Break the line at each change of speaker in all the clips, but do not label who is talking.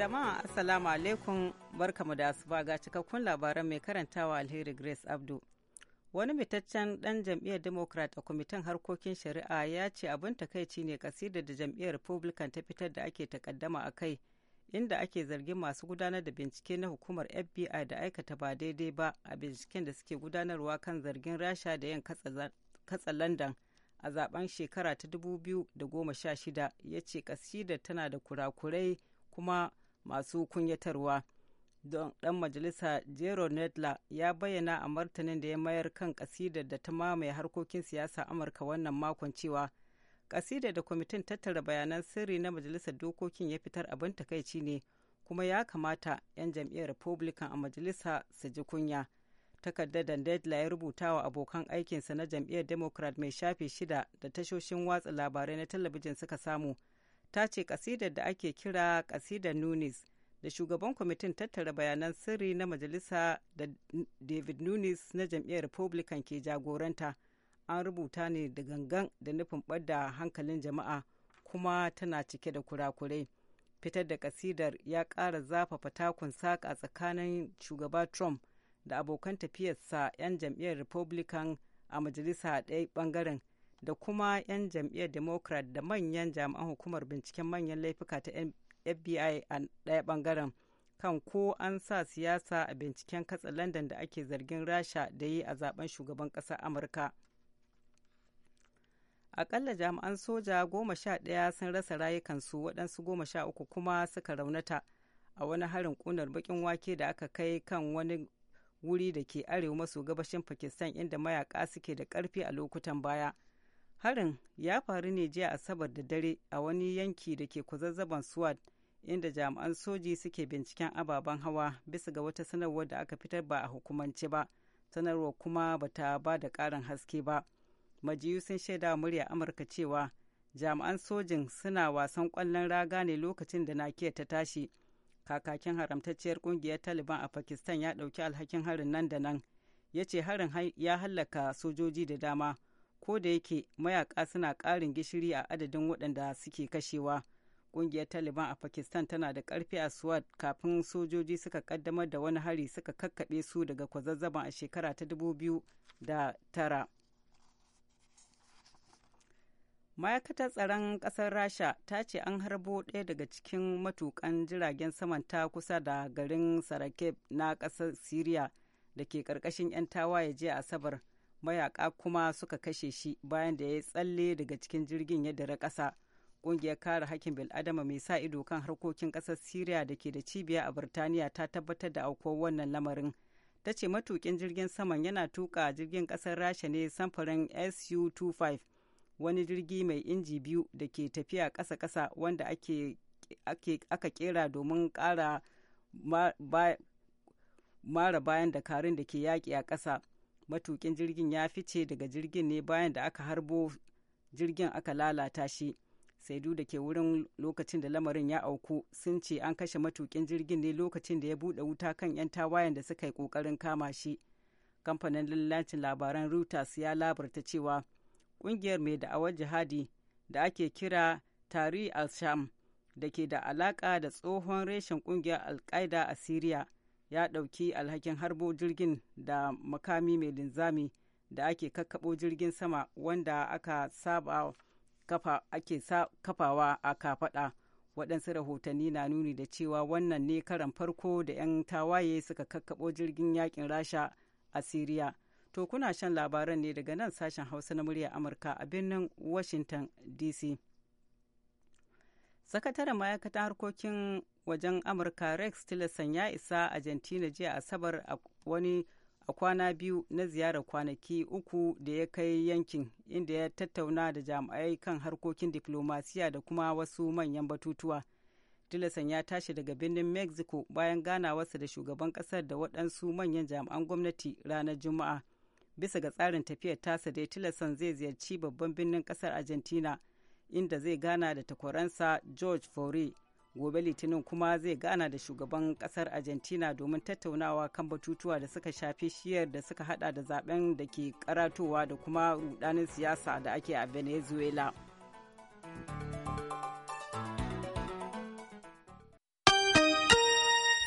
Jama'a Assalamu alaikum barkamu da asuba ga cikakkun labaran mai karantawa Alheri Grace Abdu. Wani mitaccen dan jam'iyyar Democrat a kwamitin harkokin shari'a ya ce abin takaici ne kasidar da jam'iyyar Republican ta fitar da ake takaddama a kai inda ake zargin masu gudanar da bincike na hukumar FBI da aikata ba daidai ba a binciken da suke gudanarwa kan zargin Rasha da yin katsa London a zaben shekara ta 2016 ya ce kasidar tana da kurakurai kuma masu kunyatarwa don dan majalisa jero nedla ya bayyana a martanin da ya mayar kan kasidar da ta mamaye harkokin siyasa amurka wannan makon cewa kasidar da kwamitin tattara bayanan sirri na majalisar dokokin ya fitar abin takaici ne kuma ya kamata 'yan jam'iyyar republican a majalisa su ji kunya takardar da Dedla ya rubuta wa abokan aikinsa na jam'iyyar Democrat mai shafe shida da tashoshin watsa labarai na talabijin suka samu ta ce kasidar da ake kira kasidar nunis da shugaban kwamitin tattara bayanan sirri na majalisa da david nunis na jam'iyyar republican ke jagoranta an rubuta ne da gangan da nufin ɓadda hankalin jama'a kuma tana cike da kurakurai fitar da kasidar ya ƙara zafafa takun saƙa tsakanin shugaba trump da abokan tafiyarsa 'yan jam'iyyar republican a majalisa ɗaya ɓangaren da kuma 'yan jam'iyyar democrat da manyan jami'an hukumar binciken manyan laifuka ta fbi a ɗaya ɓangaren kan ko an sa siyasa a binciken katsa london da ake zargin rasha da yi a zaben shugaban ƙasar amurka akalla jami'an soja goma sha ɗaya sun rasa rayukansu waɗansu goma sha uku kuma suka raunata a wani harin ƙunar baƙin wake da aka kai kan wani wuri da ke arewa maso gabashin pakistan inda mayaka suke da ƙarfi a lokutan baya harin ya faru ne jiya asabar da dare a wani yanki da ke kwazazzaban swat inda jami'an soji suke binciken ababen hawa bisa ga wata sanarwar da aka fitar ba a hukumance ba sanarwar kuma ba ta ba da karin haske ba majiyu sun shaida murya amurka cewa jami'an sojin suna wasan ƙwallon raga ne lokacin da nakiya ta tashi kakakin haramtacciyar ƙungiyar taliban a pakistan ya ɗauki alhakin harin nan da nan ya ce harin ya hallaka sojoji da dama ko da yake mayaka suna ƙarin gishiri a adadin waɗanda suke kashewa ƙungiyar taliban a pakistan tana da ƙarfi a swat kafin sojoji suka ƙaddamar da wani hari suka kakkaɓe su daga kwazazzaban a shekara ta 2009 ma'aikatar tsaron ƙasar rasha ta ce an harbo ɗaya daga cikin matukan jiragen saman ta kusa da garin sarakeb na ƙasar syria da ke ƙarƙashin 'yan tawaye jiya asabar mayaka kuma suka kashe shi bayan da ya yi tsalle daga cikin jirgin ya dare ƙasa ƙungiyar kare hakkin bil'adama mai sa ido kan harkokin ƙasar syria da ke da cibiya a birtaniya ta tabbatar da aukuwar wannan lamarin ta ce matukin jirgin saman yana tuka jirgin ƙasar rasha ne samfurin su-25 wani jirgi mai inji biyu da ke tafiya ƙasa-ƙasa wanda ake, aka kera domin kara mara bayan dakarun da ke yaƙi a ƙasa matukin jirgin ya fice daga jirgin ne bayan da aka harbo jirgin aka lalata shi saidu da ke wurin lokacin da lamarin ya auku sun ce an kashe matukin jirgin ne lokacin da ya buɗe wuta kan 'yan tawayen da suka yi ƙoƙarin kama shi kamfanin lallacin labaran reuters ya labarta cewa ƙungiyar mai da'awar jihadi da ake kira tari al-sham da ke da alaƙa da tsohon reshen ƙungiyar al-qaida a syria ya ɗauki alhakin harbo jirgin da makami mai linzami da ake kakkaɓo jirgin sama wanda aka saba kafa ake kafawa a kafaɗa waɗansu rahotanni na nuni da cewa wannan ne karan farko da 'yan tawaye suka kakkaɓo jirgin yakin rasha a siriya to kuna shan labaran ne daga nan sashen hausa na murya amurka a birnin washington dc sakataren ma'aikatan harkokin wajen amurka rex tillerson ya isa argentina jiya asabar a wani a kwana biyu na ziyarar kwanaki uku da ya kai yankin inda ya tattauna da jami'ai kan harkokin diplomasiya da kuma wasu manyan batutuwa tillerson ya tashi daga birnin mexico bayan ganawarsa da shugaban kasar da waɗansu manyan jami'an gwamnati ranar juma'a bisa ga tsarin tafiyar tasa dai tillerson zai ziyarci babban birnin kasar argentina inda zai gana da takwaransa George Fore. Gobe Litinin kuma zai gana da shugaban kasar Argentina domin tattaunawa kan batutuwa da suka shafi shiyar da suka hada da zaben da ke karatowa da kuma rudanin siyasa da ake a Venezuela.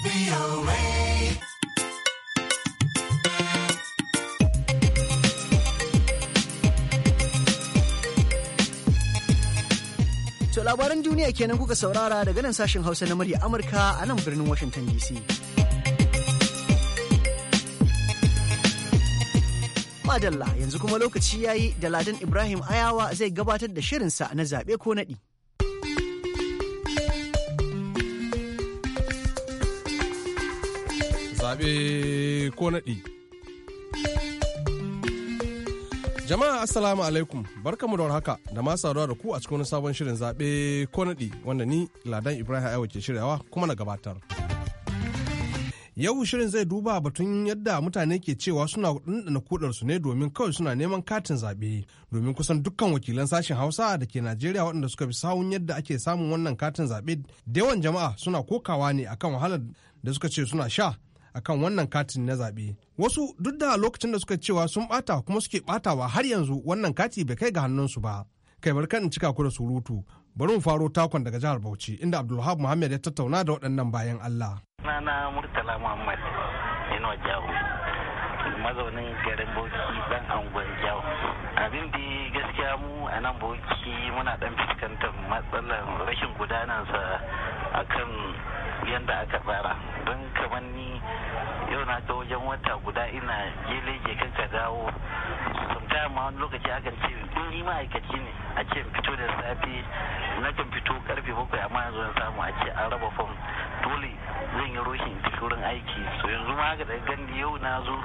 VOA.
labaran duniya kenan kuka saurara daga nan sashen hausa na murya amurka a nan birnin washington dc madalla yanzu kuma lokaci ya yi da ladan ibrahim ayawa zai gabatar da shirinsa na zaɓe ko naɗi
zaɓe ko naɗi Jama'a Assalamu alaikum barkamu da warhaka da ma saduwa da ku a cikin wani sabon shirin zaɓe ko naɗi wanda ni Ladan Ibrahim Aiwa ke shiryawa kuma na gabatar. Yau shirin zai duba batun yadda mutane ke cewa suna ɗanɗana kudarsu ne domin kawai suna neman katin zaɓe domin kusan dukkan wakilan sashen Hausa da ke Najeriya waɗanda suka fi sawun yadda ake samun wannan katin zaɓe da yawan jama'a suna kokawa ne akan wahalar da suka ce suna sha akan wannan katin na zaɓe wasu duk da lokacin da suka cewa sun ɓata kuma suke ɓatawa har yanzu wannan kati bai kai ga hannunsu ba kai bar in cika ku da surutu bari mu faro takon daga jihar bauchi inda abdulhab muhammad ya tattauna da waɗannan bayan allah
na murtala
muhammad ina jawo mazaunin garin bauchi dan angon jawo abin da gaskiya mu a nan bauchi muna dan fuskantar matsalar rashin gudanarsa akan yadda aka tsara don kamar ni na ga wajen wata guda ina jele ke kan ka dawo sometimes ma wani lokaci kan ce in ni ma'aikaci ne a ce fito da safe na kan fito karfe bakwai amma yanzu na samu a ce an raba fom dole zan yi fito wurin aiki so yanzu ma haka da gandi yau na zo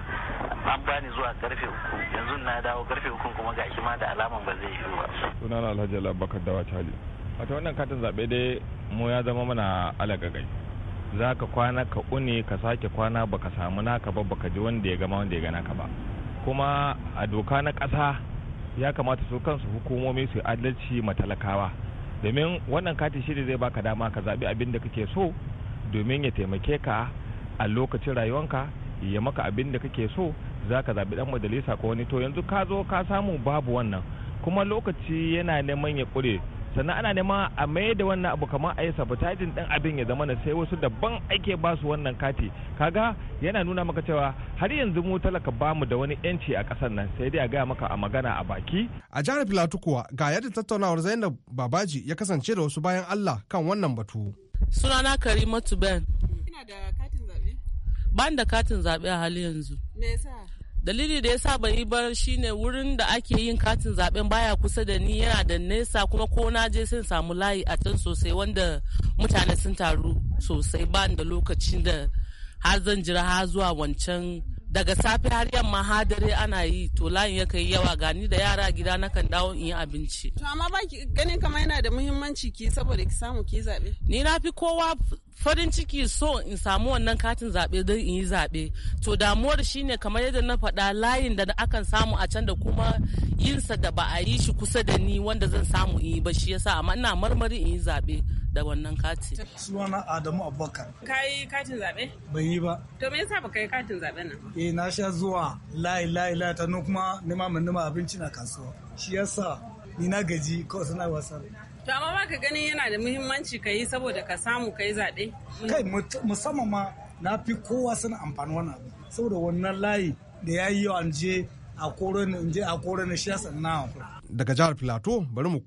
an bani zuwa karfe uku yanzu na dawo karfe uku kuma gashi ma da alaman ba zai yi ba. sunana alhaji alabakar dawa cali wata wannan katin zaɓe dai mu ya zama mana alaƙaƙai za ka kwana ka une ka sake kwana baka samu naka ba baka ji wanda ya gama wanda ya gana ka ba kuma a doka na ƙasa ya kamata su kansu hukumomi su adalci matalakawa domin wannan katin shi zai baka dama ka zaɓi abin da kake so domin ya taimake ka a lokacin rayuwanka ya maka abin da kake so za ka zaɓi ɗan majalisa ko wani to yanzu ka zo ka samu babu wannan kuma lokaci yana neman ya ƙure sannan ana nema a mai da wannan abu kamar a yi sabotajin din abin ya zama na sai wasu daban ake ba su wannan kati kaga yana nuna maka cewa har yanzu mu talaka ba mu da wani yanci a ƙasar nan sai dai a gaya maka
a magana a baki a jihar filatu kuwa ga yadda tattaunawar zainab babaji ya kasance da wasu
bayan allah kan wannan batu sunana karimatu ben ina da katin zaɓe ban da katin zaɓe a halin yanzu me yasa dalili da ya sa ban yi ba shine wurin da ake yin katin zaben baya kusa da ni yana da nesa kuma ko na je sun samu layi a can sosai wanda mutane sun taru sosai ba da lokacin da har zan jira har zuwa wancan daga safe har yamma har dare ana yi to layin ya kai yawa gani da yara gida na kan dawo in yi abinci. To amma ba ganin kama yana da muhimmanci ki saboda ki samu ki zabe. Ni na fi kowa farin ciki so in samu wannan katin zaɓe don in yi zaɓe to damuwar shine kamar yadda na faɗa layin da akan samu a can da kuma yinsa da ba a yi shi kusa da ni wanda zan samu in yi ba shi yasa amma ina marmari in yi
zaɓe da wannan katin. Sunana Adamu Abubakar.
Ka yi katin zaɓe? Ban yi ba. To me yasa ba ka yi katin zaɓe nan?
Eh na sha zuwa layi layi layi ta kuma nima min nima abinci na kasuwa. Shi yasa ni na gaji ko suna wasa.
To amma ba ka ganin yana da muhimmanci ka yi saboda ka samu ka yi zaɓe? Kai
musamman ma na fi kowa suna amfani wani abu. Saboda wannan layi da ya yi an je a kore ni je a kore ni shi yasa na
Daga jihar Filato bari mu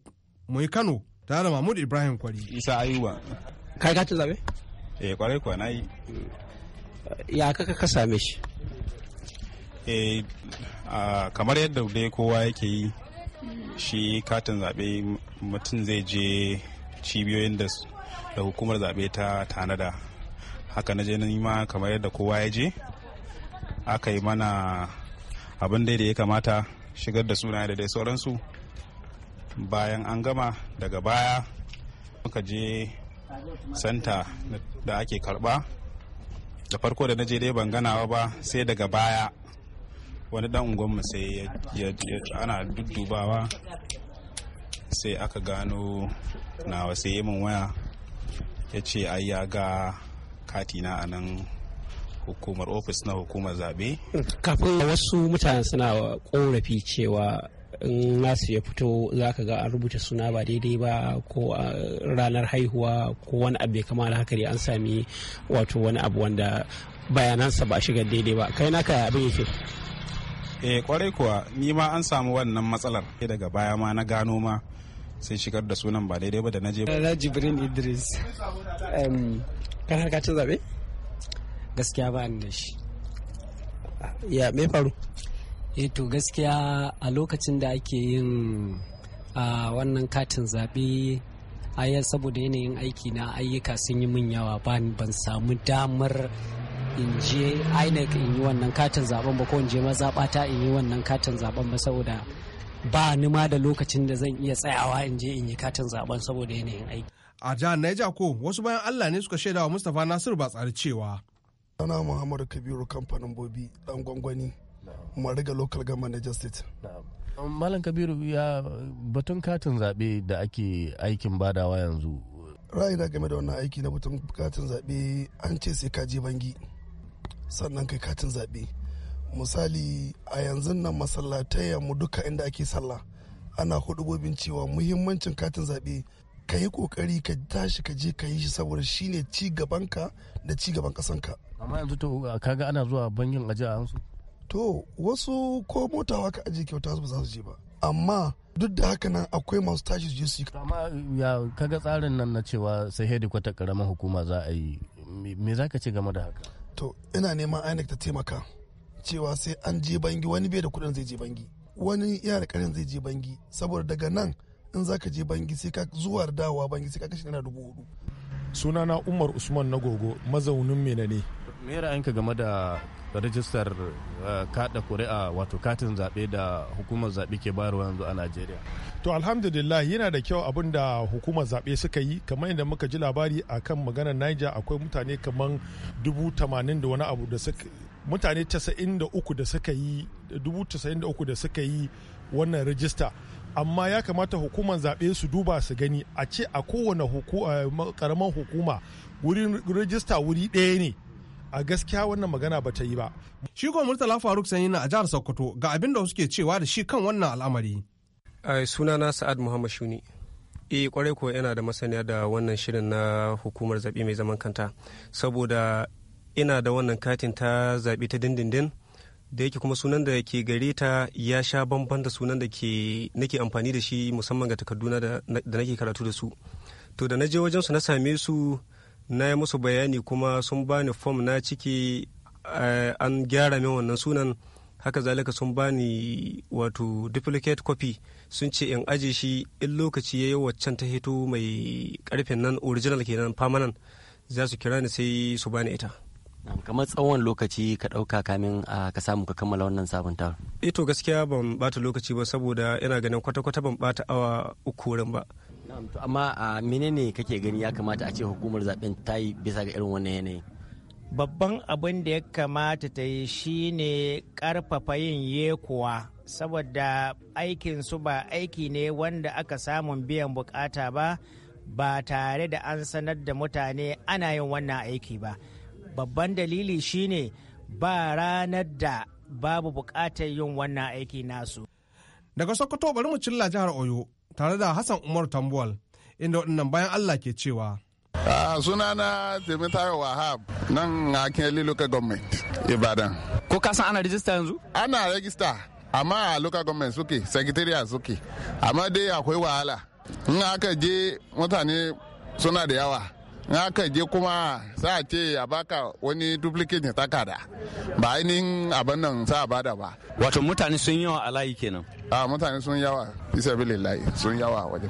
mu yi Kano tare da Mahmud Ibrahim Kwari. Isa Ayuba. Kai ka ci zaɓe?
Eh kwarai kuwa na yi.
Ya kaka ka same shi?
Eh kamar yadda dai kowa yake yi shi katin zaɓe mutum zai je cibiyoyin da hukumar zaɓe ta tanada haka na je ma kamar yadda kowa ya je aka yi mana abin da ya kamata shigar da suna da dai sauransu bayan an gama daga baya muka je santa da ake karba da farko da na je dai ban ganawa ba sai daga baya wani dan unguwanmu sai ana duddubawa sai aka gano nawa sai yi min waya ya ce ai ya ga katina a nan hukumar ofis na hukumar zabe.
kafin wasu mutane suna korafi cewa in nasu ya fito za ka ga an rubuta suna ba daidai ba ko ranar haihuwa ko wani abu ya kama da an sami wato wani abu wanda bayanansa ba shiga daidai ba kai naka abin yake
eh kwarai kuwa ni ma an samu wannan matsalar daga baya ma na gano ma sai shigar da sunan ba daidai ba da naje ba na
jibrin idris kan harkacin zabe gaskiya ba ni da shi ya me
faru eh to gaskiya a lokacin da ake yin a wannan katin zabe a saboda yanayin aiki na ayyuka sun yi min yawa ban samu damar in je INEC in yi wannan katin zaben ba ko in je mazaɓata in yi wannan katin zaben ba saboda ba ni ma da lokacin da zan iya tsayawa in je in yi katin zaben saboda yanayin aiki.
A jihar naija ko wasu bayan Allah ne suka shaidawa Mustapha Nasiru ba tsari cewa. Sana
Muhammadu Kabiru kamfanin Bobi dan gwangwani Mariga Local Government Niger State.
Um, Malam Kabiru ya batun katin zaɓe da ake aikin badawa yanzu.
Ra'ayi na game da wannan aiki na batun katin zaɓe an ce sai ka je bangi. sannan kai katin zaɓe misali a yanzu nan masallatai mu duka inda ake sallah ana hudu gobin cewa muhimmancin katin zaɓe ka yi kokari ka tashi ka je ka yi shi saboda shi ne ci gabanka da ci gaban ka.
amma yanzu to kaga ana zuwa bangin aji a hansu
to wasu ko motawa ka aji kyauta ba za su je ba amma duk da haka nan akwai masu tashi su je su yi amma ya kaga tsarin
nan na cewa sai hedi kwata hukuma za a yi me za ka ce game da haka
to ina neman INEC ta taimaka cewa sai an je bangi wani bai da kuɗin zai je bangi wani yana da karin zai je bangi saboda daga nan in zaka je bangi sai ka zuwa da dawowa bangi sai ka kashe naira dubu hudu
sunana umar usman na gogo mazaunin menene? ne me ra'ayinka game da rajistar eh, kada kuri'a wato katin zaɓe da hukumar zaɓe ke bayarwa yanzu a najeriya to alhamdulillah yana da kyau abin da hukumar zaɓe suka yi kamar yadda muka ji labari a kan maganar niger akwai mutane kamar dubu tamanin da wani abu da suka mutane tasa'in da uku da suka yi dubu tasa'in da uku da suka yi wannan rajista amma ya kamata hukumar zaɓe su duba su gani a ce a kowane
karamar eh, hukuma wurin rajista wuri ɗaya ne a gaskiya wannan magana ba ta yi ba. Shi ko Murtala Faruk Sanyina a jihar Sokoto ga abin da suke cewa da shi kan wannan al'amari.
Sunana Sa'ad Muhammad Shuni. e kwarai kuwa yana da masaniya da wannan shirin na hukumar zaɓe mai zaman kanta saboda ina da wannan katin ta zaɓe ta dindindin da yake kuma sunan da ke gare ta ya sha bamban sunan da ke nake amfani da shi musamman ga takarduna da nake karatu da su to da na je wajen su na same su na yi musu bayani kuma sun bani fom na ciki eh, an gyara min wannan sunan haka zalika sun bani wato duplicate copy sun ce in aje shi in lokaci ya yi waccan ta hito mai karfin nan original kenan permanent za su kira ni sai su bani ita
kamar tsawon lokaci ka ɗauka kamin ka samu ka kammala wannan sabunta
ito eh gaskiya ban bata lokaci ba saboda ina ganin kwata-kwata ban bata awa uku wurin ba
amma a menene
kake gani ya kamata a ce hukumar zaben ta yi bisa ga irin wannan yanayi
babban abin da ya
kamata ta yi shine karfafa yin yekuwa saboda aikin su ba aiki ne wanda aka samun biyan bukata ba ba tare da an sanar da mutane ana yin wannan aiki ba babban dalili shine ba ranar da babu bukatar yin wannan aiki nasu
daga sokoto bari mu cilla jihar oyo tare da Hassan Umar Tambuwal inda waɗannan bayan Allah ke cewa.
Ah, sunana Timitayo Wahab nan a Akinlele Local Government Ibadan. Ko ka san ana rijista yanzu? Ana rijista amma a local government suke, secretariat suke. Amma dai akwai wahala. In aka je mutane suna da yawa. In aka je kuma sa a ce a baka wani duplicate ne da ba ainihin abin nan sa a bada ba
wato mutane sun yawa a layi kenan
a mutane sun yawa layi sun yawa wajen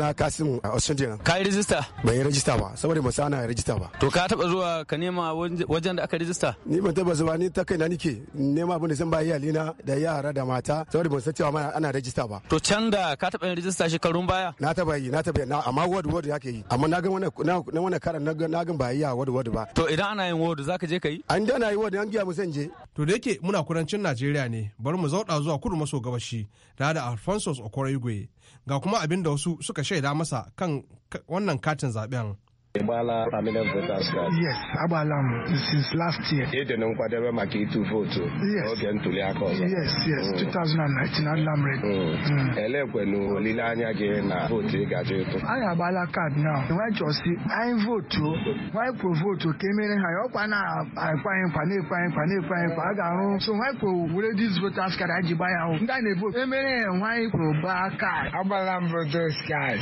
na kasim a australia ka yi rajista
ban yi rajista ba
saboda masu ana rajista ba
to ka taba zuwa ka nema wajen da aka rajista ni ban taba zuwa ni ta kai na nike
nema abin da zan ba na da yara da mata saboda ban san cewa mana ana rajista ba
to can da ka taba yin rajista shekarun baya na taba yi na taba yi amma ward ward yake
yi
amma na ga wannan na wannan karan na ga ba yi wadu wadu ba
to idan ana yin wadu zaka je ka yi an da na
yi wadu an giya mu je to da yake muna kudancin Najeriya ne bari mu zauɗa zuwa kudu maso gabashi da da Alphonsus Okoroigwe ga kuma abin da wasu suka shaida masa kan wannan katin zaben
ịgbaala permanent voters card
yes agbaala m since last year
ịdị
dị nkwadebe maka ịtụ vootu oge ntuli aka ọzọ
yes yes 2019 mm. adịla m red mm. mm.
elekwenu olileanya gị na vootu ị gaji ịtụ
anyị agbaala kad na nwanyị chọsi anyị vootu nwanyị kwuo vootu ka emere ha ya ọkwa na-ekwanye nkwa na-ekwanye nkwa na-ekwanye nkwa a ga-arụ so nwanyị kwuo were dis voters card anyị ji ya ndị a na ebo emere ya nwanyị kwuo gbaa agbaala m voters card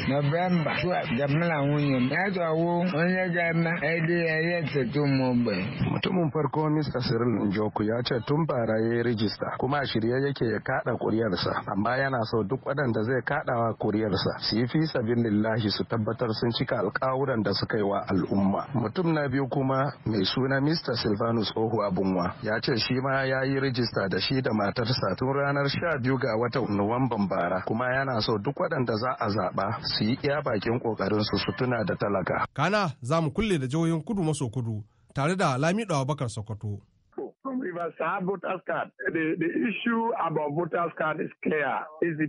wani ga-ama ya ya tun ụmụogbe mutumin farko mr cyril njoku ya ce tun bara ya yi rijista kuma shirye yake ya kada kuriyarsa amma yana so duk waɗanda zai kadawa kuriyarsa su yi fi lillahi su tabbatar sun cika alkawuran da suka yi wa al'umma mutum na biyu kuma mai suna mr silvanus ohu abunwa ya ce shi ma ya yi rijista da shi da matarsa tun ranar sha biyu ga watan nuwamban bara kuma yana so duk waɗanda za a zaɓa su yi iya bakin ƙoƙarinsu su tuna da talaka
ma'ana za mu kulle da jihohin kudu maso kudu tare da lamido bakar sokoto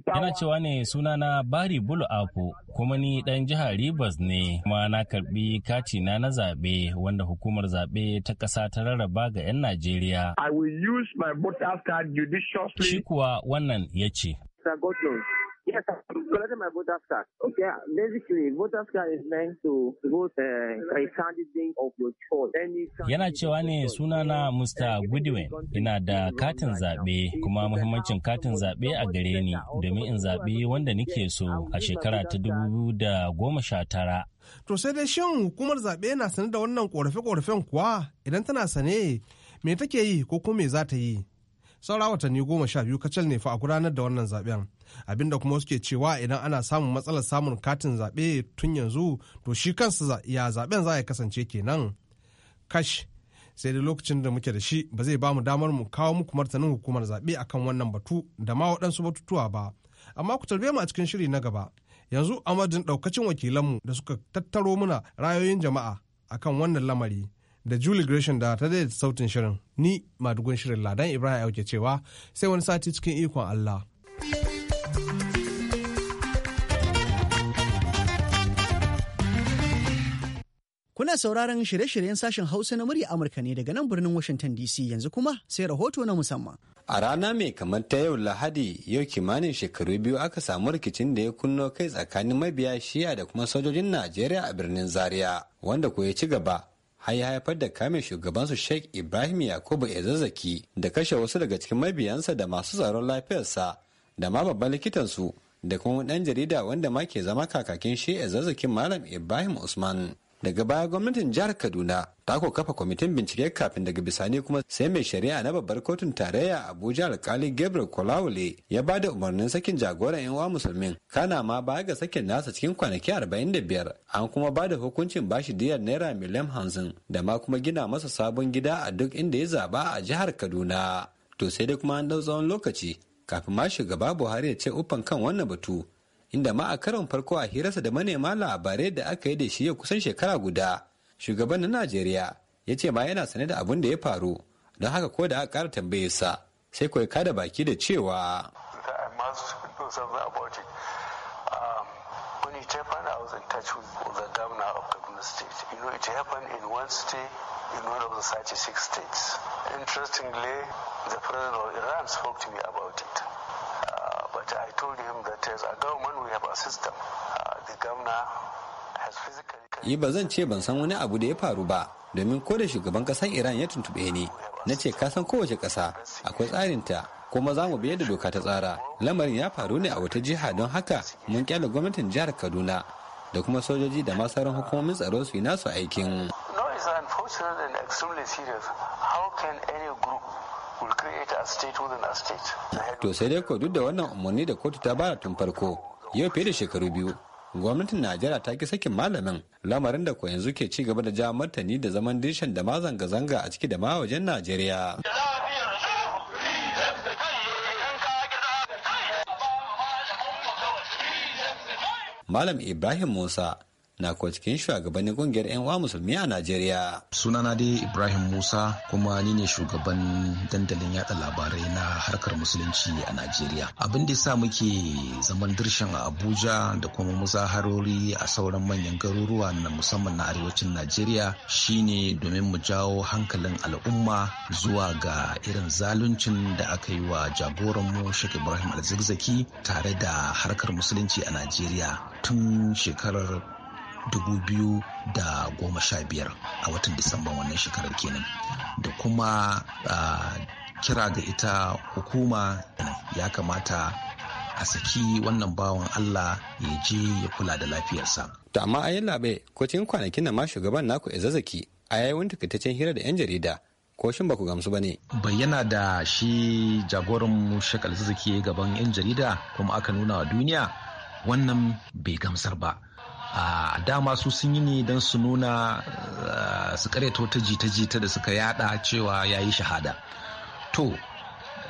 Yana cewa ne sunana Bari Bulu Apo kuma ni dan jihar Rivers ne kuma na karbi kati na na zabe wanda hukumar zabe ta kasa ta rarraba ga 'yan Najeriya. Shi kuwa wannan ya ce.
Yes, I've my voter's card. Okay, basically, voter's card is meant to vote uh, a candidate of your choice.
Yana cewa ne sunana Mr. Goodwin, ina da katin zaɓe kuma muhimmancin katin zaɓe a gare ni domin in zaɓi wanda nike so a shekara ta dubu da goma sha tara.
To sai dai shin hukumar zaɓe na sane da wannan ƙorafe-ƙorafen kuwa idan tana sane me take yi ko kuma me za ta yi? Saura watanni goma sha biyu kacal ne fa a gudanar da wannan zaɓen. abinda kuma suke cewa idan ana samun matsalar samun katin zaɓe tun yanzu to shi kansu ya zaɓen za a kasance kenan kash sai da lokacin da muke da shi ba zai ba mu damar mu kawo muku martanin hukumar zaɓe akan wannan batu da ma waɗansu batutuwa ba amma ku tarbe mu a cikin shiri na gaba yanzu amadin ɗaukacin wakilanmu da suka tattaro muna rayoyin jama'a akan wannan lamari da Julie Gresham da ta daidaita sautin shirin ni madugun shirin Ladan Ibrahim yauke cewa sai wani sati cikin ikon Allah.
Kuna sauraron shirye-shiryen sashen Hausa na murya Amurka ne daga nan birnin Washington DC yanzu kuma sai rahoto na musamman.
A rana mai kamar ta yau Lahadi yau kimanin shekaru biyu aka samu rikicin da ya kunno kai tsakanin mabiya shiya da kuma sojojin Najeriya a birnin Zaria wanda ko ya ci gaba har ya haifar da kame su Sheikh Ibrahim Yakubu zazzaki da kashe wasu daga cikin mabiyansa da masu tsaron lafiyarsa da ma babban likitan su da kuma ɗan jarida wanda ma ke zama kakakin shi Ezazzakin Malam Ibrahim Usman. daga baya gwamnatin jihar kaduna ta ko kafa kwamitin bincike kafin daga bisani kuma sai mai shari'a na babbar kotun tarayya abuja alkali gabriel kolawole ya ba da umarnin sakin jagoran yan uwa musulmin kana ma baya ga sakin nasa cikin kwanaki arba'in da biyar an kuma ba da hukuncin bashi diyar naira miliyan hamsin da ma kuma gina masa sabon gida a duk inda ya zaba a jihar kaduna to sai dai kuma an ɗau tsawon lokaci kafin ma shugaba buhari ya ce uffan kan wannan batu inda ma a karon farko a hirarsa da manema labarai da aka yi da shi ya kusan shekara guda shugaban na najeriya ya ce ma yana sane da abin da ya faru don haka ko da aka kara tambaye sa sai kawai kada baki da cewa
When the
governor in one of the 36 states. Interestingly, the president of Iran spoke to me about it. But I told him that as a government we have a system. Uh, the governor has physically. Yi
ba zan ce ban san wani abu da ya faru ba domin ko da shugaban kasar Iran ya tuntuɓe ni na ce ka san kowace ƙasa akwai tsarinta kuma za mu biya da doka ta tsara lamarin ya faru ne a wata jiha don haka mun kyale gwamnatin jihar Kaduna da kuma sojoji da masarar hukumomin tsaro su yi nasu aikin.
will create a
To sai dai ko duk da wannan umarni da kotu ta bara tun farko yau fiye da shekaru biyu gwamnatin najeriya ta ki sakin malamin lamarin da ko yanzu ke ci gaba da ja martani da zaman dishen da ma zanga-zanga a ciki da ma wajen najeriya malam ibrahim musa na kuwa cikin shugabannin kungiyar 'yan uwa musulmi a Najeriya.
Sunana dai Ibrahim Musa kuma ni ne shugaban dandalin yada labarai na harkar musulunci a Najeriya. Abin da sa muke zaman dirshan a Abuja da kuma muzaharori a sauran manyan garuruwa na musamman na arewacin Najeriya shine domin mu jawo hankalin al'umma zuwa ga irin zaluncin da aka yi wa jagoranmu Sheikh Ibrahim Alzigzaki tare da harkar musulunci a Najeriya tun shekarar 2015 a watan disamban wannan shekarar kenan da kuma kira ga ita hukuma ya kamata a saki wannan bawan Allah ya je ya kula da lafiyarsa.
To amma a labe ko cikin kwanakin nan ma shugaban naku ya zazzaki a yayin wani takaitaccen hira da 'yan jarida ko shin baku gamsu
ba ne? Bayyana da shi jagoran shakal zazzaki gaban 'yan jarida kuma aka nuna wa duniya wannan bai gamsar ba. a dama su sun yi ne don su nuna eh, su karyata wata jita-jita da suka yada cewa ya yi shahada to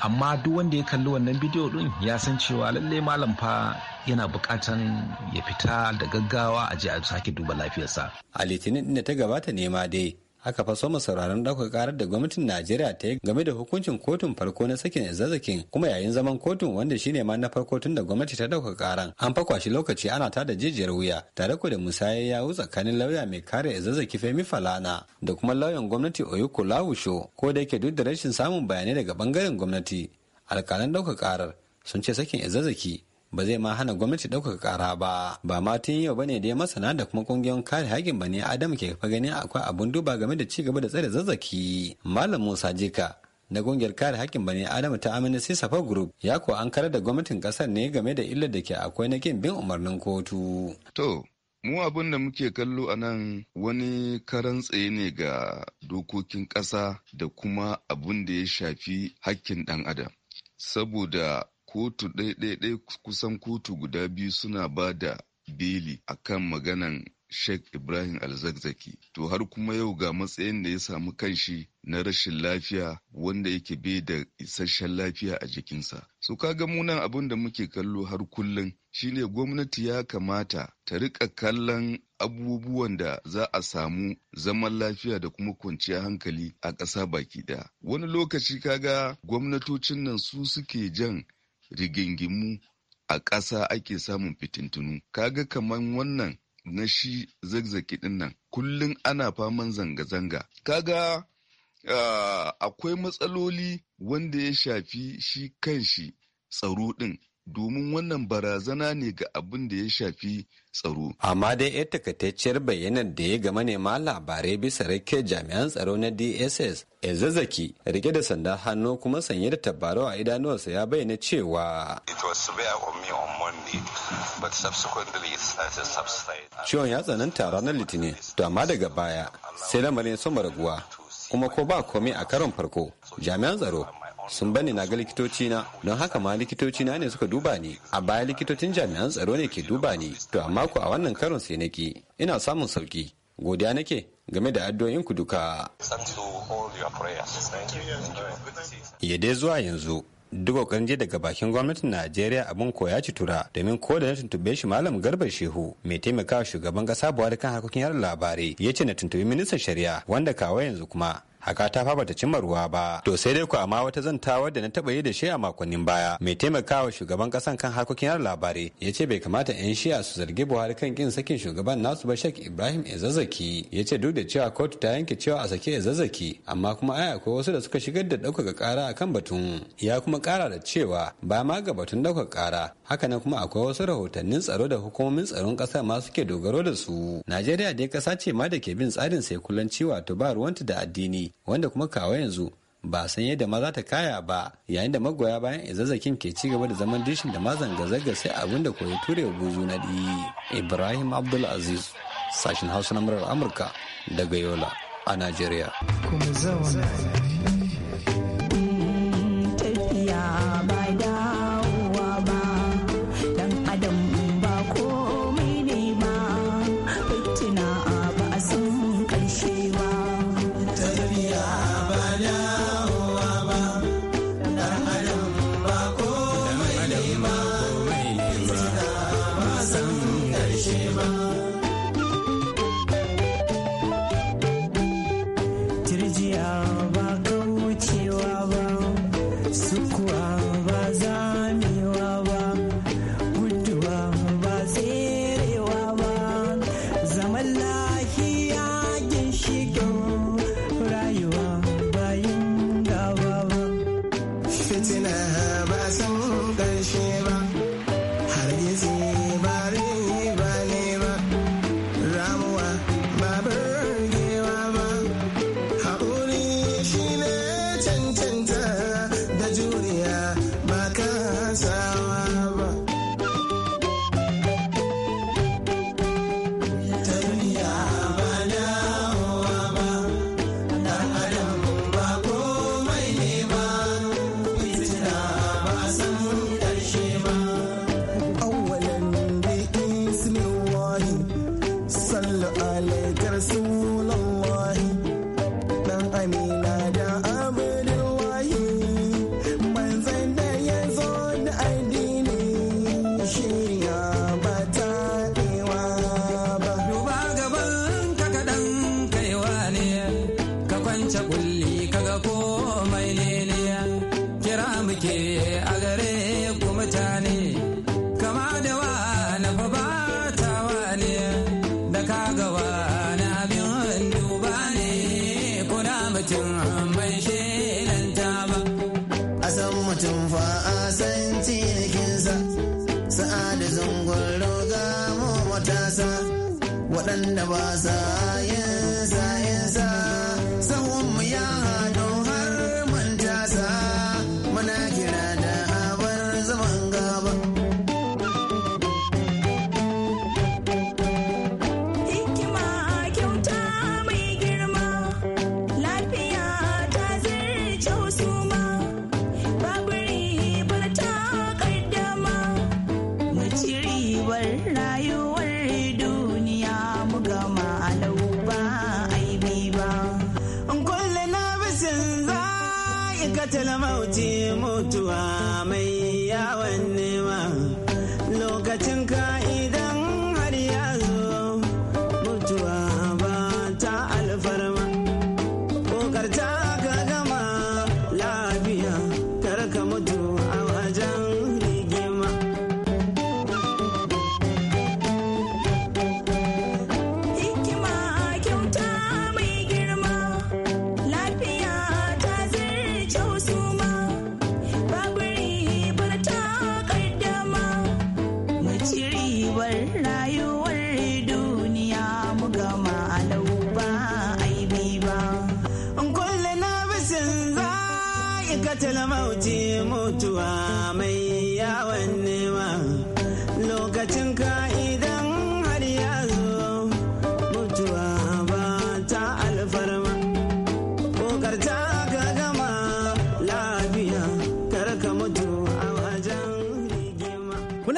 amma duk wanda ya kalli wannan bidiyo din ya san cewa lallai malam fa yana bukatan ya fita da gaggawa a ji a sake duba
lafiyarsa a litinin da ta gabata ne ma dai aka faso mu sauraron ɗaukar karar da gwamnatin Najeriya ta yi game da hukuncin kotun farko na sakin izazzakin, kuma yayin zaman kotun wanda shine ma na farko tun da gwamnati ta ɗaukar karar an fakwashi lokaci ana tada jijiyar wuya tare ko da musaya ya wu tsakanin lauya mai kare izazzaki Femi Falana da kuma lauyan gwamnati oyuko Lawusho ko da yake duk da rashin samun bayanai daga bangaren gwamnati alƙalan ɗaukar karar sun ce sakin izazzaki. ba zai ma hana gwamnati ɗaukaka ƙara ba ba ma tun yau bane da ya masana da kuma ƙungiyoyin kare haƙƙin bani adam ke fa ganin akwai abun duba game da ci gaba da tsare zazzaki malam musa jika na ƙungiyar kare haƙƙin bani adam ta amnesty safa group ya ko an karar da gwamnatin ƙasar ne game da illar da ke akwai na kin
bin umarnin kotu to mu abun da muke kallo a nan wani karan tsaye ne ga dokokin ƙasa da kuma abun da ya shafi haƙƙin ɗan adam saboda kotu ɗaiɗaiɗai kusan kotu guda biyu suna ba da beli a kan maganan Sheikh Ibrahim Alzakzaki. To har kuma yau ga matsayin da ya samu kanshi na rashin lafiya wanda yake bai da isasshen lafiya a jikinsa. So kaga munan abin da muke kallo har kullum shine gwamnati ya kamata ta rika kallon abubuwan da za a samu zaman lafiya da kuma kwanciya hankali a ƙasa baki ɗaya. Wani lokaci kaga gwamnatocin nan su suke jan rigingimu a ƙasa ake samun fitintunu kaga kamar wannan na shi zagzaki din nan kullum ana faman zanga-zanga kaga ah, akwai matsaloli wanda ya shafi shi kanshi tsaro ɗin? domin wannan barazana ne ga abin da ya shafi tsaro. Amma dai ya takatacciyar
bayyanar da ya ga manema labarai bisa rake jami'an tsaro na DSS zazzaki, rike da sanda hannu kuma sanye da tabarau a idanuwarsa ya bayyana cewa. Ciwon ya tsananta ranar Litinin, to amma daga baya sai lamarin sama raguwa. kuma ko ba komai a karon farko jami'an tsaro sun bani na ga likitoci na don haka ma likitoci na ne suka duba ni a baya likitocin jami'an tsaro ne ke duba ni to amma ku a wannan karon sai naki ina samun sauki godiya nake game da addu'o'in ku duka ya dai zuwa yanzu duk kokarin je daga bakin gwamnatin najeriya abin koya ci tura domin ko da na tuntube shi malam garba shehu mai taimakawa shugaban kasa buhari kan harkokin yara labarai ya ce na tuntubi ministan shari'a wanda kawai yanzu kuma haka ta fa bata cimma ruwa ba to sai dai ku amma wata zantawar da na taba yi da shi a makonnin baya mai taimakawa shugaban kasan kan harkokin yar labarai ya ce bai kamata yan shi'a su zargi buhari kan kin sakin shugaban nasu ba shek ibrahim ezazaki ya ce duk da cewa kotu ta yanke cewa a sake ezazaki amma kuma ai akwai wasu da suka shigar da ɗaukaka ƙara akan batun ya kuma kara da cewa ba ma ga batun ɗaukaka kara hakanan kuma akwai wasu rahotannin tsaro da hukumomin tsaron ƙasa ma suke dogaro da su najeriya dai kasa ce ma da ke bin tsarin sai kulanci wato ba ruwanta da addini wanda kuma kawo yanzu ba san yadda ma za ta kaya ba yayin da magoya bayan izazzakin ke ci gaba da zaman dishin da ma zanga-zanga sai abin da koyi ture buzu na ɗi ibrahim abdulaziz sashen hausa na murar amurka daga yola a najeriya
kuma zauna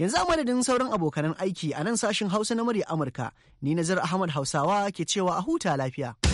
Yanzu a madadin sauran abokanan aiki a nan sashen Hausa na murya Amurka, ni Nazar Ahmad Hausawa ke cewa a huta lafiya.